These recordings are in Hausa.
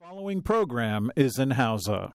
Following program is in Hausa.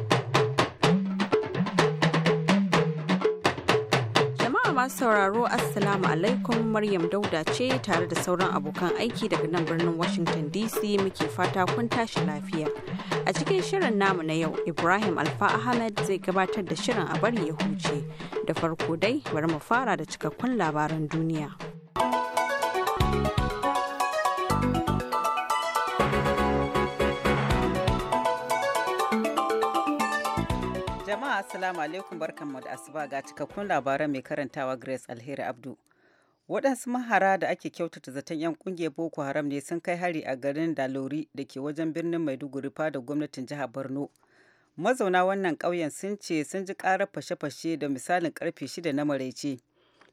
Jama'a masu sauraro Assalamu alaikum Maryam Dauda ce tare da sauran abokan aiki daga nan birnin Washington DC muke fata kun tashi lafiya. A cikin shirin namu na yau Ibrahim Alfa Ahmed zai gabatar da shirin a bari ya huce. Da farko dai bari mu fara da cikakkun labaran duniya. assalamu alaikum barkanmu da asuba ga cikakkun labaran mai karantawa Grace Alheri Abdu. Waɗansu mahara da ake kyautata zaton 'yan kungiyar Boko Haram ne sun kai hari a garin Dalori da ke wajen birnin Maiduguri da gwamnatin jihar Borno. Mazauna wannan ƙauyen sun ce sun ji ƙarar fashe-fashe da misalin karfe shida na maraice.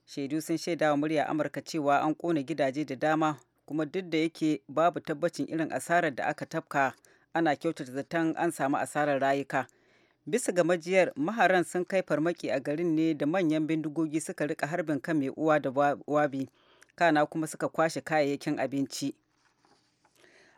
Shaidu sun shaida wa murya Amurka cewa an ƙona gidaje da dama kuma duk da yake babu tabbacin irin asarar da aka tafka ana kyautata zaton an samu asarar rayuka. bisa ga majiyar maharan sun kai farmaki a garin ne da manyan bindigogi suka rika harbin kan mai uwa da wabi kana kuma suka kwashe kayayyakin abinci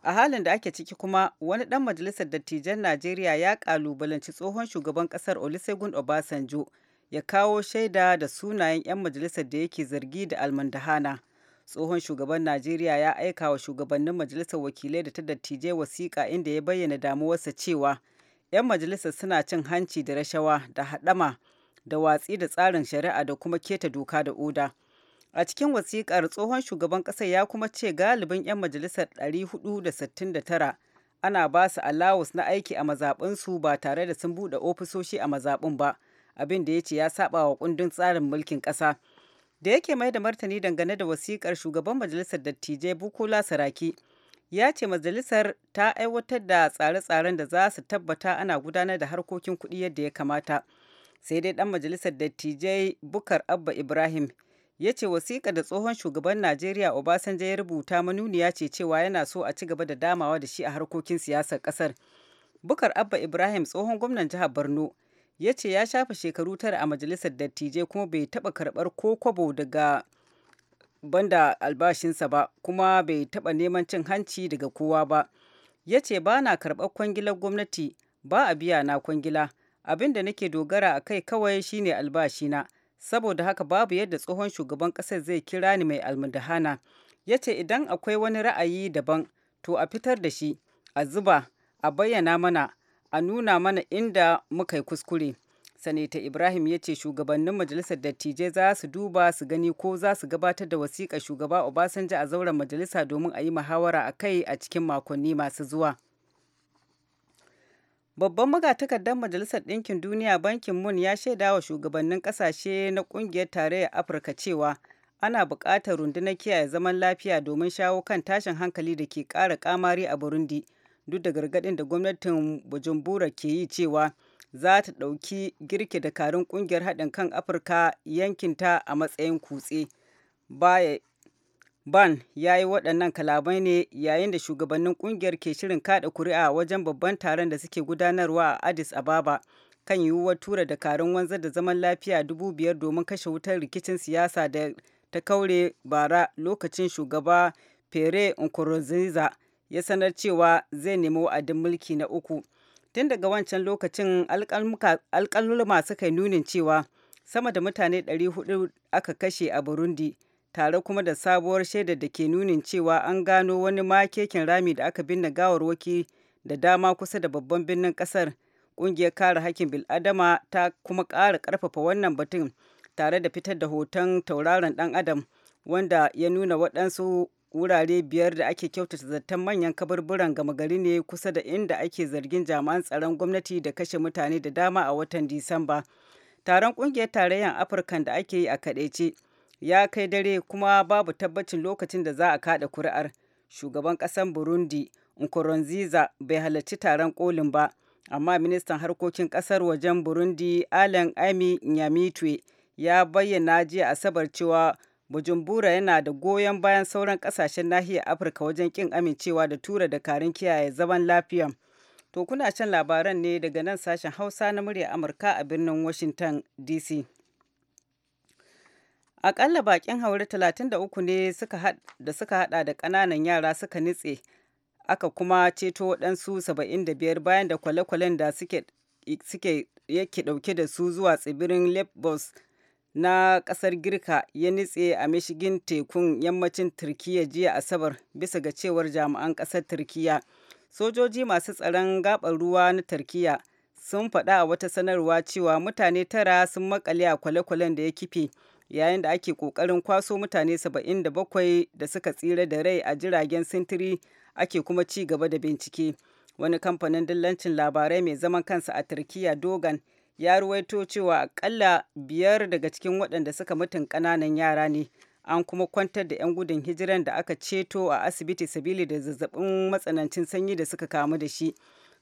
a halin da ake ciki kuma wani dan majalisar dattijan najeriya ya kalubalanci tsohon shugaban kasar olusegun obasanjo ya kawo shaida da sunayen 'yan majalisar da yake zargi da almandahana tsohon shugaban najeriya ya aika wa shugabannin majalisar wakilai da ta dattijai wasiƙa inda ya bayyana damuwarsa cewa 'yan majalisar suna cin hanci da rashawa da haɗama da watsi da tsarin shari'a da kuma keta doka da oda. A cikin wasiƙar tsohon shugaban ƙasa ya kuma ce galibin 'yan majalisar 469 ana ba su alawus na aiki a mazaɓinsu ba tare da sun buɗe ofisoshi a mazaɓin ba, abin da ya ce ya saɓa wa kundin tsarin mulkin ƙasa. Da yake mai da martani dangane da wasiƙar shugaban majalisar dattijai Bukola Saraki ya ce majalisar ta aiwatar da tsare-tsaren da za su tabbata ana gudanar da harkokin kuɗi yadda ya kamata sai dai ɗan majalisar dattijai bukar abba ibrahim ya ce wasiƙa da tsohon shugaban najeriya obasanjo ya rubuta manuniya ce cewa yana so a ci gaba da damawa da shi a harkokin siyasar ƙasar bukar abba ibrahim tsohon gwamnan jihar borno ya ce ya shafe shekaru tara a majalisar dattijai kuma bai taɓa karɓar ko kwabo daga banda albashinsa ba kuma bai taɓa neman cin hanci daga kowa ba ya ce ba na karɓar kwangilar gwamnati ba a biya na kwangila abin da nake dogara a kai kawai shine albashina saboda haka babu yadda tsohon shugaban ƙasar zai kira ni mai almudahana ya ce idan akwai wani ra'ayi daban to a fitar da shi a zuba a bayyana mana a nuna mana inda muka yi kuskure sanata ibrahim ya ce shugabannin majalisar dattijai za su duba su gani ko za su gabatar da wasiƙa shugaba obasanjo a zauren majalisa domin a yi muhawara a kai a cikin makonni masu zuwa babban magatakardar majalisar ɗinkin duniya bankin mun ya shaida wa shugabannin ƙasashe na ƙungiyar tarayyar afirka cewa ana buƙatar rundunar kiyaye zaman lafiya domin shawo kan tashin hankali da ke ƙara ƙamari a burundi duk da gargaɗin da gwamnatin bujumbura ke yi cewa za ta ɗauki girke dakarun ƙungiyar haɗin kan afirka yankinta a matsayin kutse ban ya yi waɗannan kalabai ne yayin da shugabannin ƙungiyar ke shirin kaɗa kuri'a wajen babban taron da suke gudanarwa a addis ababa kan yiwuwar tura dakarun wanzar da zaman lafiya dubu biyar domin kashe wutar rikicin siyasa da ta kaure bara lokacin shugaba Pere Nkurunziza ya sanar cewa zai nemi wa'adin mulki na uku. tun daga wancan lokacin alkaluma suka yi nunin cewa sama da mutane 400 aka kashe a burundi tare kuma da sabuwar shaidar da ke nunin cewa an gano wani makekin rami da aka binne gawarwaki da dama kusa da babban birnin kasar ƙungiyar kare hakkin bil'adama ta kuma ƙara ƙarfafa wannan batun tare da fitar da hoton tauraron ɗan adam wanda ya nuna waɗansu wurare biyar da ake kyautata zaton manyan kaburburan gama gari ne kusa da inda ake zargin jami'an tsaron gwamnati da kashe mutane da dama a watan disamba taron kungiyar tarayyar Afirkan da ake yi a kadaice ya kai dare kuma babu tabbacin lokacin da za a kada kuri'ar shugaban kasan burundi nkurunziza bai halarci taron kolin ba amma ministan harkokin kasar wajen burundi alan ami nyamitwe ya bayyana jiya asabar cewa Bujumbura yana da goyon bayan sauran kasashen nahiyar Afirka wajen kin amincewa da tura dakarun kiyaye zaman lafiya. To kuna shan labaran ne daga nan sashen Hausa na murya Amurka a birnin Washington DC. Akalla bakin haure 33 ne da suka hada da kananan yara suka nitse aka kuma ceto waɗansu 75 bayan da kwale-kwalen da suke yake ɗauke da su zuwa tsibirin Lesbos na kasar girka ya nitse a mashigin tekun yammacin Turkiyya jiya asabar bisa ga cewar jami'an kasar Turkiyya sojoji masu tsaron gaɓar ruwa na Turkiyya sun faɗa a wata sanarwa cewa mutane tara sun makale a kwale-kwalen da ya kife yayin da ake ƙoƙarin kwaso mutane 77 da suka tsira da rai a jiragen sintiri ake kuma ci gaba da bincike wani kamfanin dillancin labarai mai zaman kansa a Turkiyya dogan ya ruwaito cewa akalla biyar daga cikin waɗanda suka mutun ƙananan yara ne an kuma kwantar da 'yan gudun hijiran da aka ceto a asibiti sabili da zazzabin matsanancin sanyi da suka kamu da shi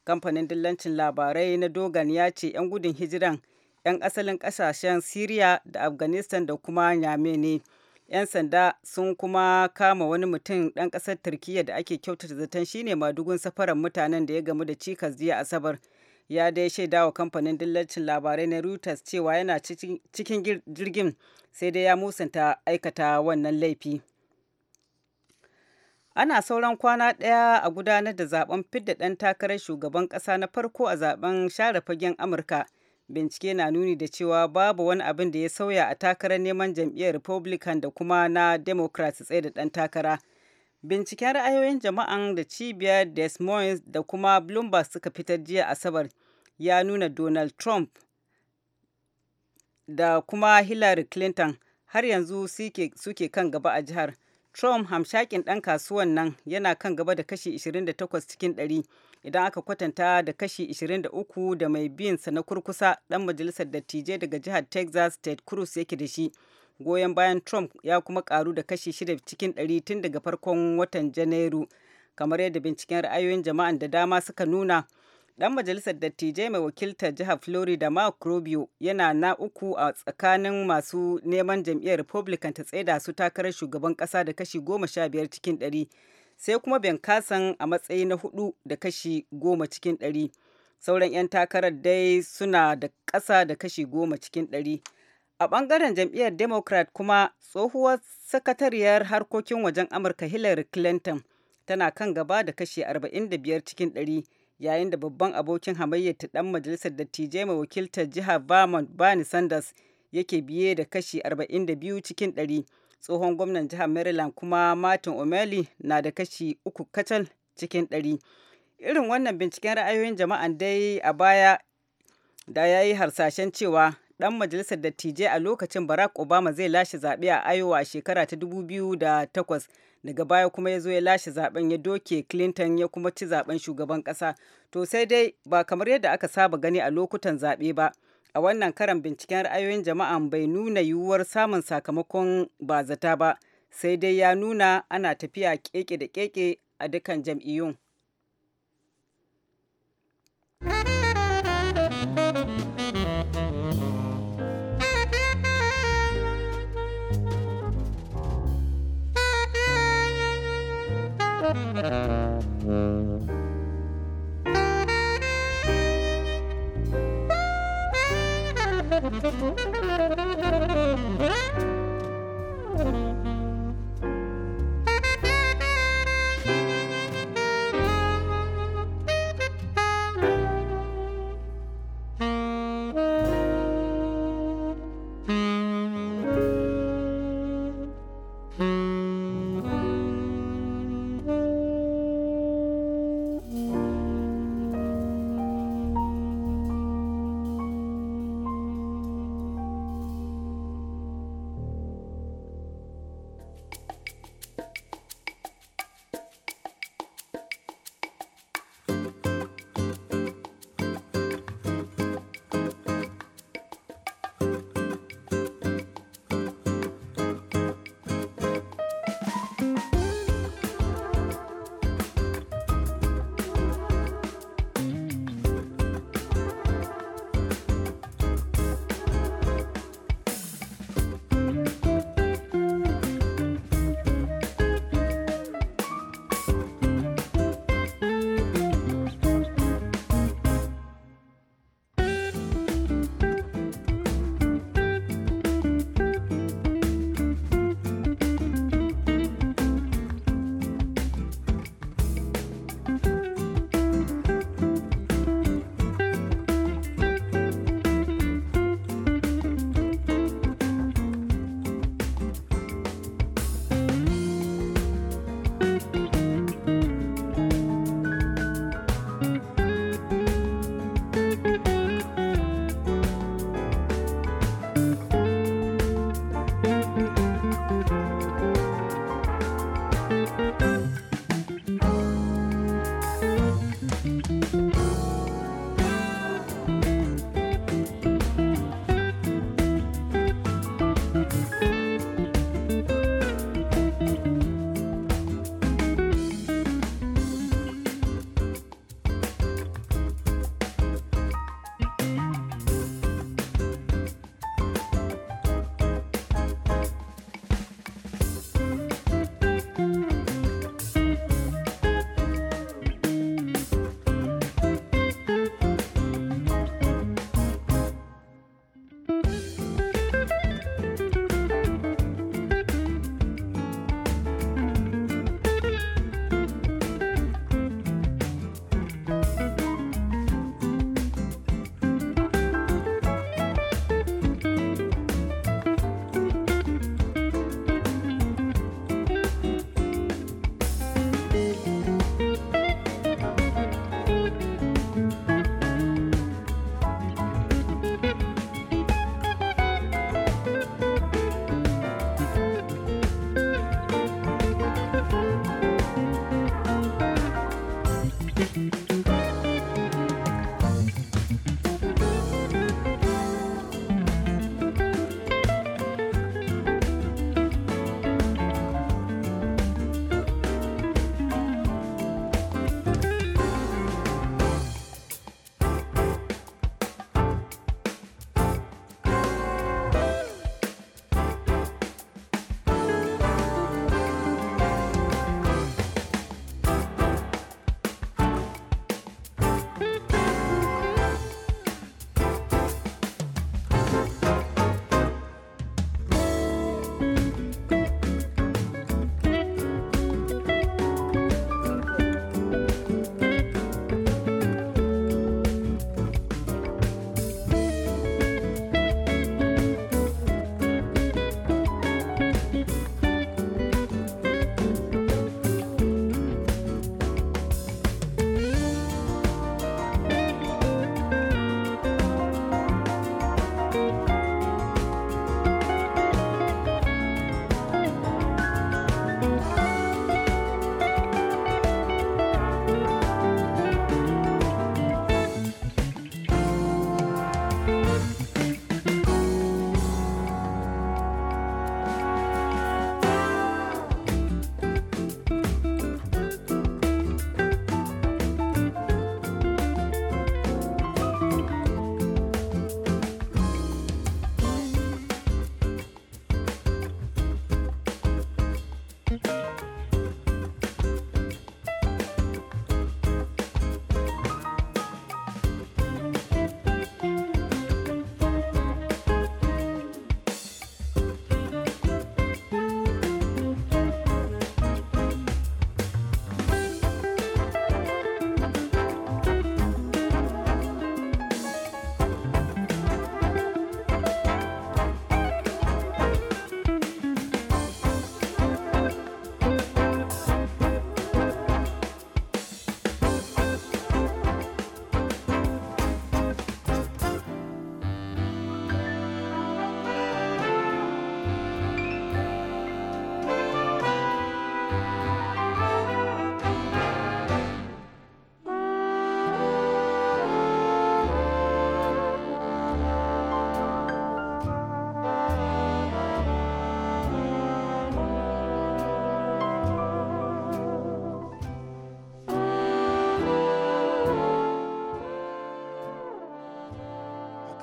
kamfanin dillancin labarai na dogan ya ce 'yan gudun hijiran 'yan asalin ƙasashen syria da afghanistan da kuma nyame ne 'yan sanda sun kuma kama wani mutum ɗan ƙasar turkiyya da ake kyautata zaton shine madugun safaran mutanen da ya gamu da cikas jiya asabar ya dai shaida wa kamfanin dillacin labarai na Reuters cewa yana cikin jirgin sai dai ya musanta aikata wannan laifi. Ana sauran kwana ɗaya a gudanar da zaben fidda ɗan takarar shugaban ƙasa na farko a zaben share fagen Amurka. Bincike na nuni da cewa babu wani abin da ya sauya a takarar neman jam'iyyar Republican da kuma na Democrats tsaye da ɗan takara. Binciken ra'ayoyin jama'an da cibiyar Des Moines da kuma Bloomberg suka fitar jiya Asabar ya nuna Donald Trump da kuma Hillary Clinton har yanzu suke kan gaba a jihar. Trump hamshakin ɗan kasuwan nan yana kan gaba da kashi 28 cikin 100 idan aka kwatanta da kashi 23 da mai biyansa na kurkusa ɗan majalisar dattijai daga jihar Texas Ted Cruz yake da shi. goyon bayan trump ya kuma karu da kashi shida cikin ɗari tun daga farkon watan janairu kamar yadda binciken ra'ayoyin jama'an da dama suka nuna dan majalisar dattijai mai wakiltar jihar florida mark rubio yana na uku a tsakanin masu neman jam'iyyar republican ta tsaida su takarar shugaban kasa da kashi goma sha biyar cikin ɗari sai kuma ben kasan a matsayi na hudu da kashi goma cikin ɗari sauran 'yan takarar dai suna da ƙasa da kashi goma cikin ɗari A ɓangaren jam'iyyar Democrat kuma tsohuwar sakatariyar harkokin wajen Amurka Hillary Clinton tana kan gaba da kashi 45 cikin 100 yayin da babban abokin hamayyar ta ɗan majalisar dattijai mai wakiltar jiha Vermont Bernie Sanders yake biye da kashi 42 cikin 100 tsohon gwamnan jihar Maryland kuma Martin O'Malley na da kashi uku kacal cikin 100 irin wannan binciken ra'ayoyin jama'an dai a baya da ya yi harsashen cewa dan majalisar dattijai a lokacin barack obama zai lashe zaɓe a iowa a shekara ta 2008 daga baya kuma ya zo ya lashe zaben ya doke clinton ya kuma ci zaben shugaban ƙasa to sai dai ba kamar yadda aka saba gani a lokutan zaɓe ba a wannan karan binciken ra'ayoyin jama'a bai nuna yiwuwar samun sakamakon bazata ba sai dai ya nuna ana tafiya keke da keke a dukkan jam'iyyun. thank you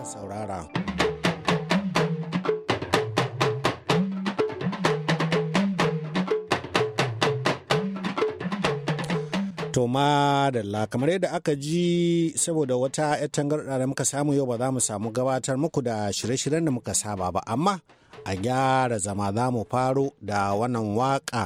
saurara. to madalla kamar yadda aka ji saboda wata 'yar tangarɗa da muka samu yau ba za mu samu gabatar muku da shirye-shiryen da muka saba ba amma a gyara zama za mu faro da wannan waka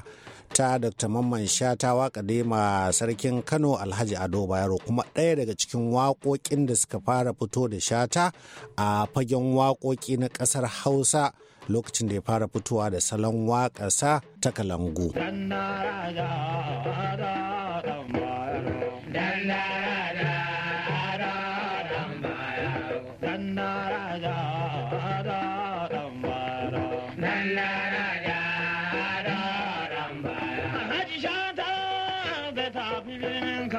ta dr mamman shata waka ma sarkin kano alhaji ado bayero kuma ɗaya daga cikin waƙoƙin da suka fara fito da shata a fagen waƙoƙi na ƙasar hausa lokacin da ya fara fitowa da salon waƙasa ta kalangu.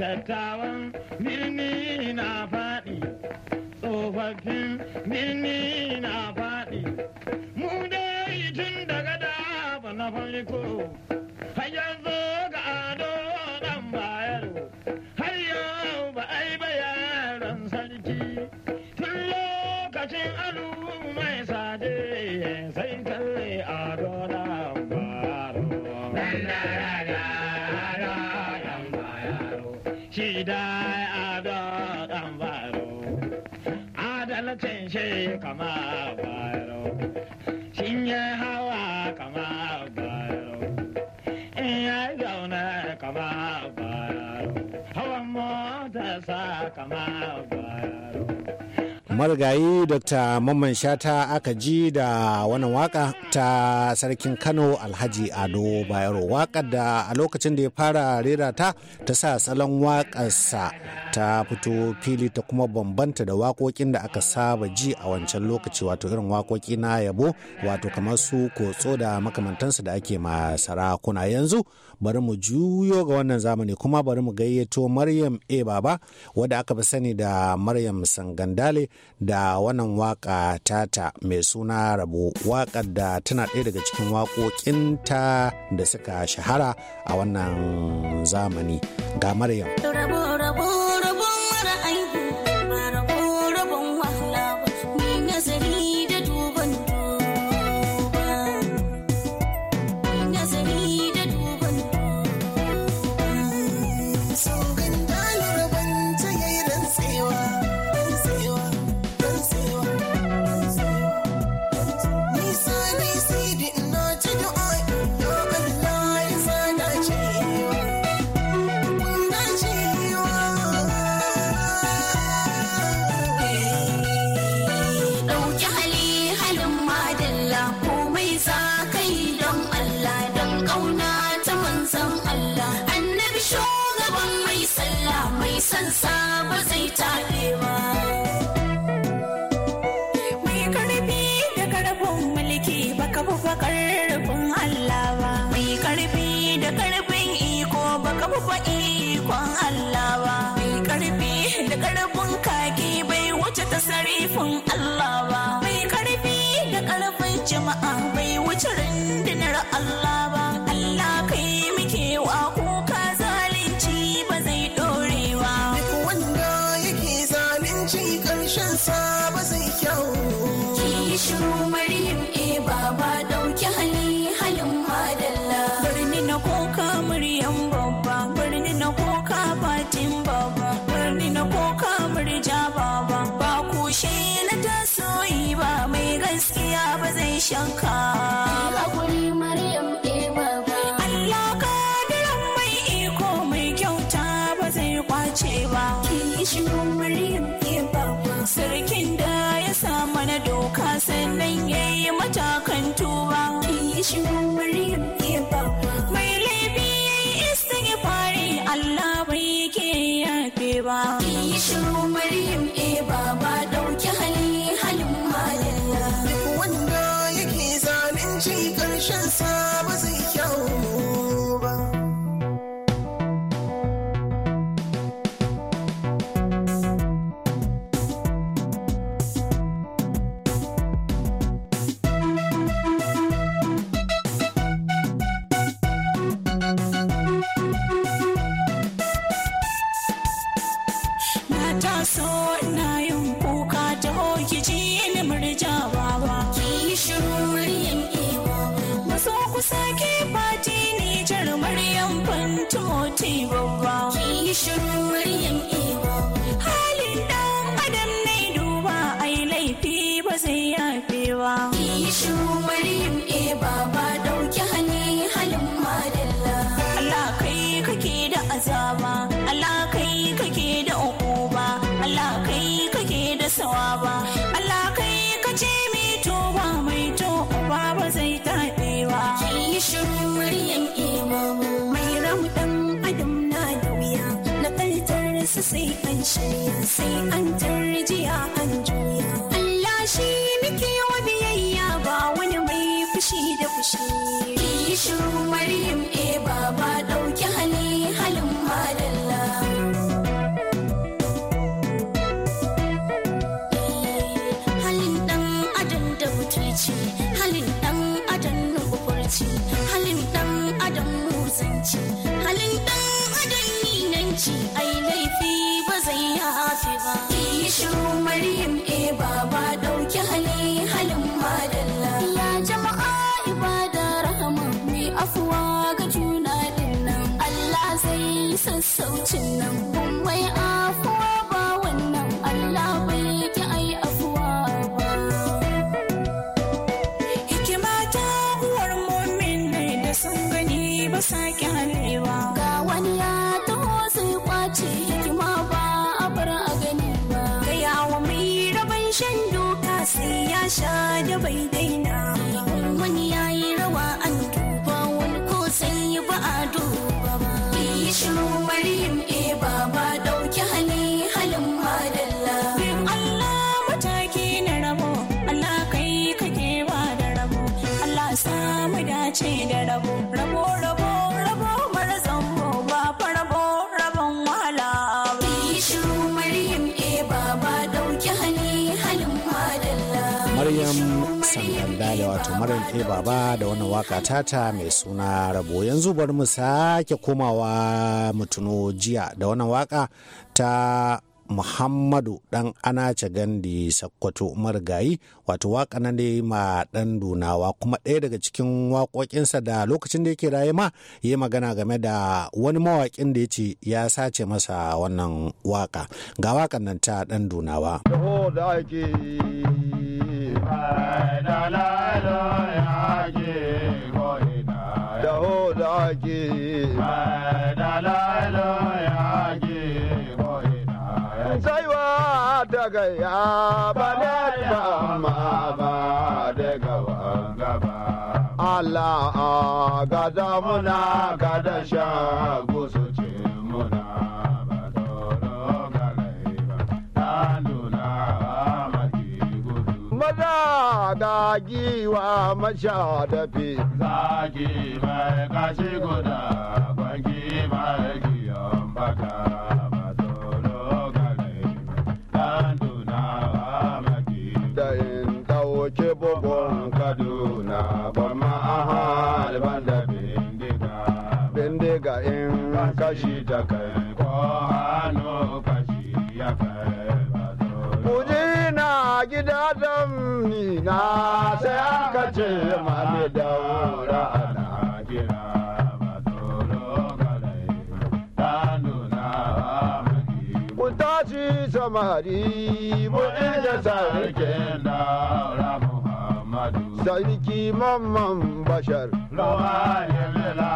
dattawan birni na faɗi tsofaffin birni na faɗi mu dai tun daga daba na farko har yanzu ga ado dan bayar har yau ba ai bayaran sarki tun lokacin alumai mai sade sai kalle ado dan bayar idai ado kan baro adalcin shi kama baro shin hawa kama baro in ya zauna kama baro hawan mota sa kama baro marigayi dr mamman shata aka ji da wannan waka ta sarkin kano alhaji ado bayero wakar da a lokacin da ya fara rera ta ta sa salon wakarsa ta fito fili ta kuma bambanta da wakokin da aka saba ji a wancan lokaci wato irin wakoki na yabo wato kamar su kotso da makamantansu da ake ma sarakuna yanzu bari mu juyo ga wannan zamani kuma bari mu gayyato maryam a baba wadda aka fi sani da maryam sangandale da wannan waka tata mai suna rabo wakar da tana ɗaya daga cikin waƙoƙinta da suka shahara a wannan zamani ga maryam bai in rundunar Allah call. motivo ba. Ki shiru muryar sai an tarjiya an juya Allah shi muke wa biyayya ba wani mai fushi da fushi yi shiru maryam e baba dauki hali halin madalla halin dan adam da mutunci halin dan adam na kufurci Ishu Maryam e eh, baba dauki Maryam ke baba da wannan waka tata mai suna rabo yanzu bari mu sake komawa mutuno jiya da wannan waka ta Muhammadu dan Anace Gandi Sakkwato Marigayi wato waka na ne ma dan Dunawa kuma ɗaya daga cikin waƙoƙinsa da lokacin da yake raye ma ya magana game da wani mawakin da ya ce ya sace masa wannan waka ga wakan nan ta dan Dunawa. daga ya ba da ma ba daga wanga ba Allah a gada muna gada sha gusu zagagi wa mashadafi zagi mai kashi guda kwangi mai giyon baka Ke bugun Kaduna ban ma'ahal ban da bindiga. Bindiga in kashi ta kai ko hannu. gida dan na sai aka ce mami daura ana gina Ku tashi samari mu inda sarkin daura Muhammadu. Sarki mamman bashar. Lawa ya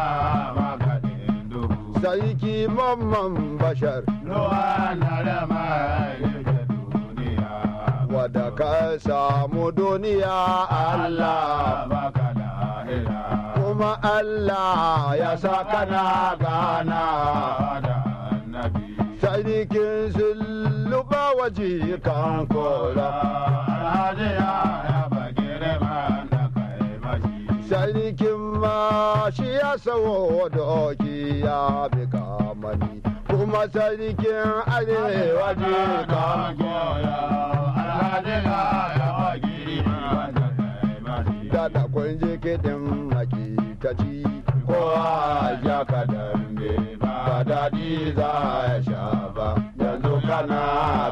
sarki mamman bashar. Ruwa na da mai wadda ka samu duniya Allah baka lahira kuma Allah ya sa kana gana da annabi sadikin sulluba wa kan kola alhaji ya raba girman da kai mashi sadikin ma shi ya sawo doki ya bi kamani kuma sarkin arewa ji ka goya alhaji ya yawa giri da da kun je kiɗin maki ta ci Ko ya ka dambe ba daɗi za ya sha ba yanzu kana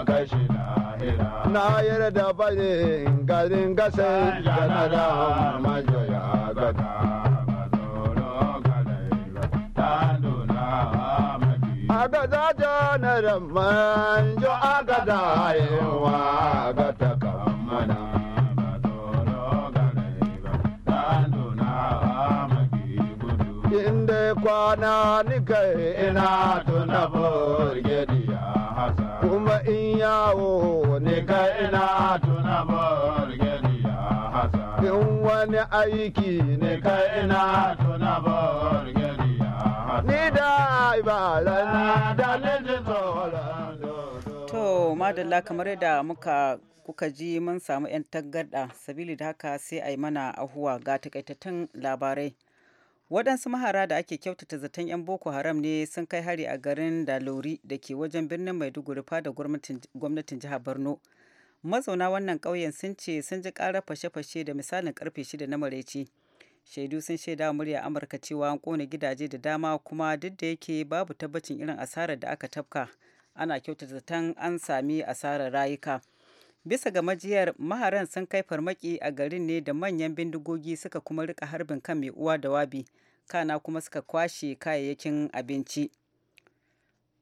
kashi na na yarda bane garin gasa da na da majoya gada na ramman jo agada yawa gata kamana. Inde kwana nika ina tuna burgediya hasa. Kuma in yawo nika ina tuna burgediya hasa. In wani aiki nika ina tuna burgediya ni da da to madalla kamar yadda muka kuka ji mun samu 'yan taggarda sabili da haka sai a yi mana ahuwa ga takaitattun labarai waɗansu mahara da ake kyautata zaton 'yan boko haram ne sun kai hari a garin dalori da ke wajen birnin maiduguri fada gwamnatin jihar borno mazauna wannan ƙauyen sun ce sun ji ƙarar fashe-fashe da misalin karfe shida na maraice shaidu sun shaida murya amurka cewa an kone gidaje da dama kuma duk da yake babu tabbacin irin asarar da aka tafka ana kyautata zaton an sami asarar rayuka bisa ga majiyar maharan sun kai farmaki a garin ne da manyan bindigogi suka kuma rika harbin kan mai uwa da wabi kana kuma suka kwashe kayayyakin abinci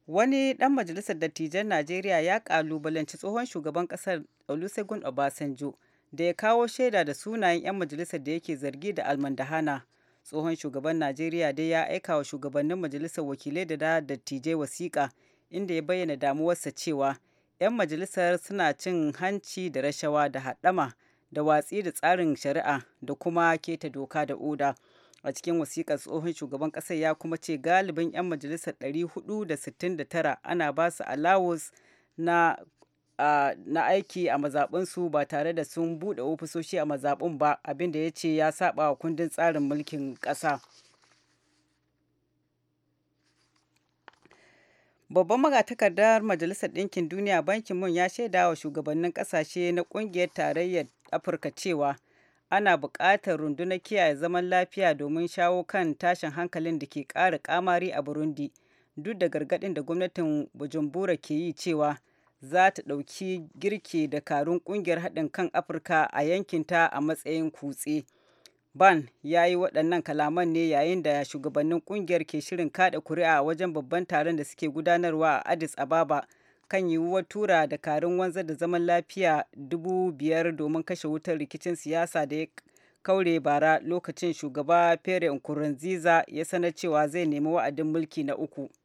wani dan majalisar dattijan najeriya ya kalubalanci tsohon shugaban kasar olusegun obasanjo da ya kawo shaida da sunayen 'yan majalisar da yake zargi da almandahana tsohon shugaban najeriya dai ya aika wa shugabannin majalisar wakilai da dattijai wasiƙa inda ya bayyana damuwarsa cewa 'yan majalisar suna cin hanci da rashawa da haɗama da watsi da tsarin shari'a da kuma keta doka da oda a cikin wasiƙar tsohon shugaban ƙasar ya kuma ce galibin 'yan majalisar 469 ana ba su alawus na na aiki a mazaɓinsu ba tare da sun buɗe ofisoshi a mazaɓin ba abinda ya ce ya saba wa kundin tsarin mulkin ƙasa. Babban magatakardar Majalisar Ɗinkin Duniya Bankin Mun ya shaida wa shugabannin ƙasashe na ƙungiyar tarayyar Afirka cewa ana buƙatar rundunar kiyaye zaman lafiya domin shawo kan tashin hankalin da ke ƙara ƙamari a Burundi duk da gargaɗin da gwamnatin Bujumbura ke yi cewa za ta ɗauki girke dakarun ƙungiyar haɗin kan afirka a yankinta a matsayin kutse ban ya yi waɗannan kalaman ne yayin da shugabannin ƙungiyar ke shirin kaɗa kuri'a wajen babban taron da suke gudanarwa a addis ababa kan yiwuwar tura dakarun wanza da zaman lafiya dubu biyar domin kashe wutar rikicin siyasa da ya kaure bara lokacin shugaba pierre nkurunziza ya sanar cewa zai nemi wa'adin mulki na uku